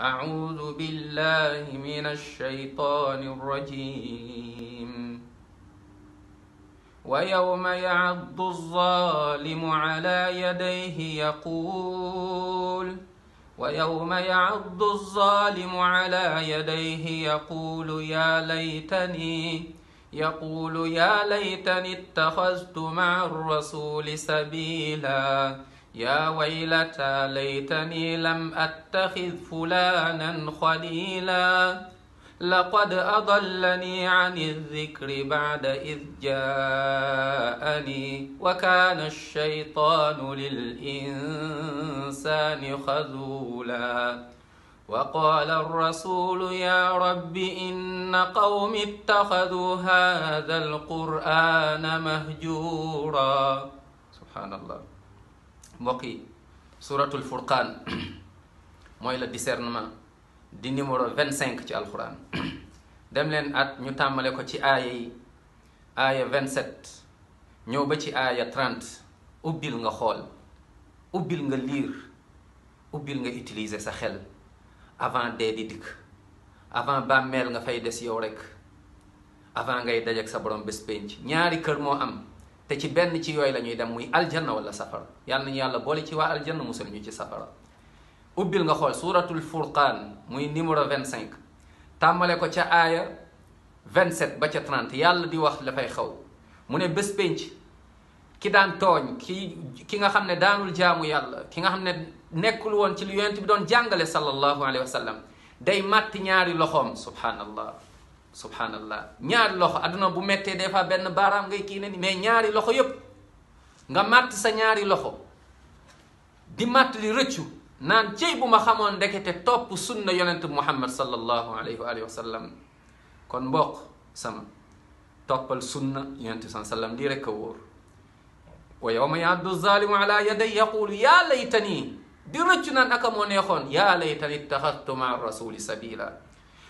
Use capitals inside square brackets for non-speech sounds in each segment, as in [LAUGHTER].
أعوذ بالله من الشيطان الرجيم ويوم يعض الظالم على يديه يقول ويوم يعض الظالم على يديه يقول يا ليتني يقول يا ليتني اتخذت مع الرسول سبيلا يا ويلتى ليتني لم أتخذ فلانا خليلا لقد أضلني عن الذكر بعد إذ جاءني وكان الشيطان للإنسان خذولا وقال الرسول يا رب إن قوم اتخذوا هذا القرآن مهجورا سبحان الله mbokk yi suratul furqaan [CLEARS THROAT] mooy le discernement di numéro vingt cinq ci alquran [CLEARS THROAT] dem leen at ñu tàmbale ko ci aaya yi aaya vingt sept ñëw ba ci aaya trent ubbil nga xool ubbil nga liir ubbil nga utiliser sa xel avant dee di dikk avant bàmmeel nga fay des yow rek avant ngay dajeek sa borom bés penc ñaari kër moo am te ci benn ci yooyu lañuy ñuy dem muy aljanna wala safara yàlla yàlla boole ci waa aljanna musal ñu ci safara ubbil nga xool suratul furqaan muy numéro 25 tàmbale ko ca aaya 27 ba ca 30 yàlla di wax dafay xaw mu ne bés pénc ki daan tooñ ki ki nga xam ne daanul jaamu yàlla ki nga xam ne nekkul woon ci lu yonent bi doon jàngale sallallahu alayhi wa sallam day màtt ñaari loxoom subhanallah subhanallah ñaari loxo adduna bu méttee des fois benn baaraam ngay kii ne ni mais ñaari loxo yépp nga màtt sa ñaari loxo di màtt li rëccu naan cey bu ma xamoon ndekete topp sunna yonent muhammad sallallahu alayhi wa alihi wa sallam kon mbokk sama toppal sunna yonent bi sallam lii rekk a wóor wa yawma yaddu zalimu ala yaday yaqulu yaa laytani di rëccu naan aka moo neexoon yaa laytani ittaxadtu maa rasuli sabila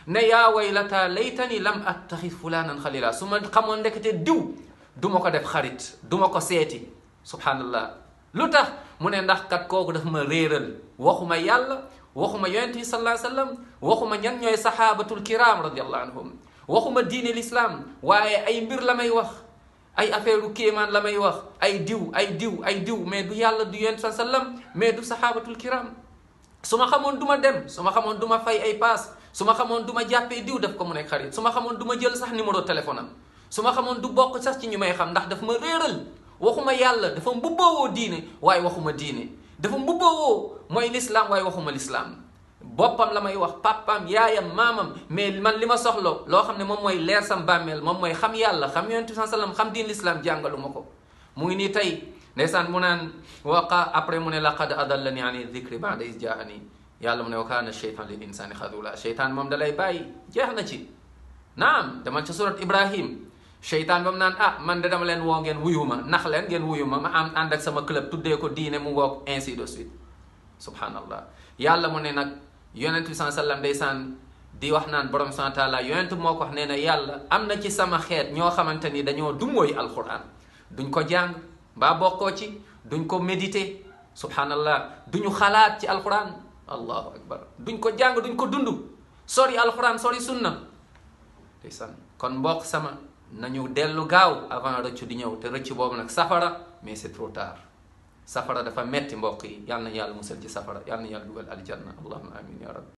ne yaa waylata laytani lam attaxid fulanan xalila su ma xamoon ndekete diw du ma ko def xarit du ma ko seeti subhanallah lu tax mu ne ndax kat kooku dafa ma réeral waxuma yàlla waxu ma bi sallallahu alayhi waxu ma ñan ñooy saxaabatul kiram radiallahu anhum waxuma diine l'islam waaye ay mbir la may wax ay affaire u kéemaan la may wax ay diw ay diw ay diw mais du yàlla du yonent sallallahu alayhi wasallam mais du saxaabatul kiram su ma xamoon du ma dem su ma xamoon du ma fay ay paas su ma xamoon du ma jàppee diw def ko mu nekk xarit su ma xamoon du ma jël sax numéro téléphone am su ma xamoon du bokk sax ci ñu may xam ndax dafa ma réeral waxuma yàlla dafa mbubbawoo diine waaye waxuma diine dafa mbubbawoo mooy lislaam waaye waxuma lislaam boppam la may wax papaam yaayam maamam mais man li ma soxla loo xam ne moom mooy leer sam bàmmeel moom mooy xam yàlla xam yonent bi sallam xam diin lislaam jàngalu ma ko ndeysaan mu naan waqa après mu ne laqad adallani ani dhikri ba'da iz jaani yàlla mu ne wa kaana sheytaan lil insaani xadula sheytaan moom dalay bàyyi jeex na ci naam demal ci surat ibrahim sheytaan ba mu naan ah man de dama leen woo ngeen wuyu ma nax leen ngeen wuyu ma ma am ànd ak sama club tuddee ko diine mu ngoog ainsi de suite subhanallah yàlla mu ne nag yonent bi saa sallam ndeysaan di wax naan borom sant taala yonent moo ko wax nee na yàlla am na ci sama xeet ñoo xamante ni dañoo dumóoy alquran duñ ko jàng baa bokkoo ci duñ ko méditer subhanallah duñu xalaat ci alquran allahu akbar duñ ko jàng duñ ko dund sori alquran sori sunna ndeysaan kon mbokk sama nañu dellu gaaw avant rëccu di ñëw te rëccu boobu nag safara mais c'est trop tard safara dafa metti mbokk yi yàlla na yàlla ci safara yàlla na yàlla dugal aljanna allahumma amin ya rabbi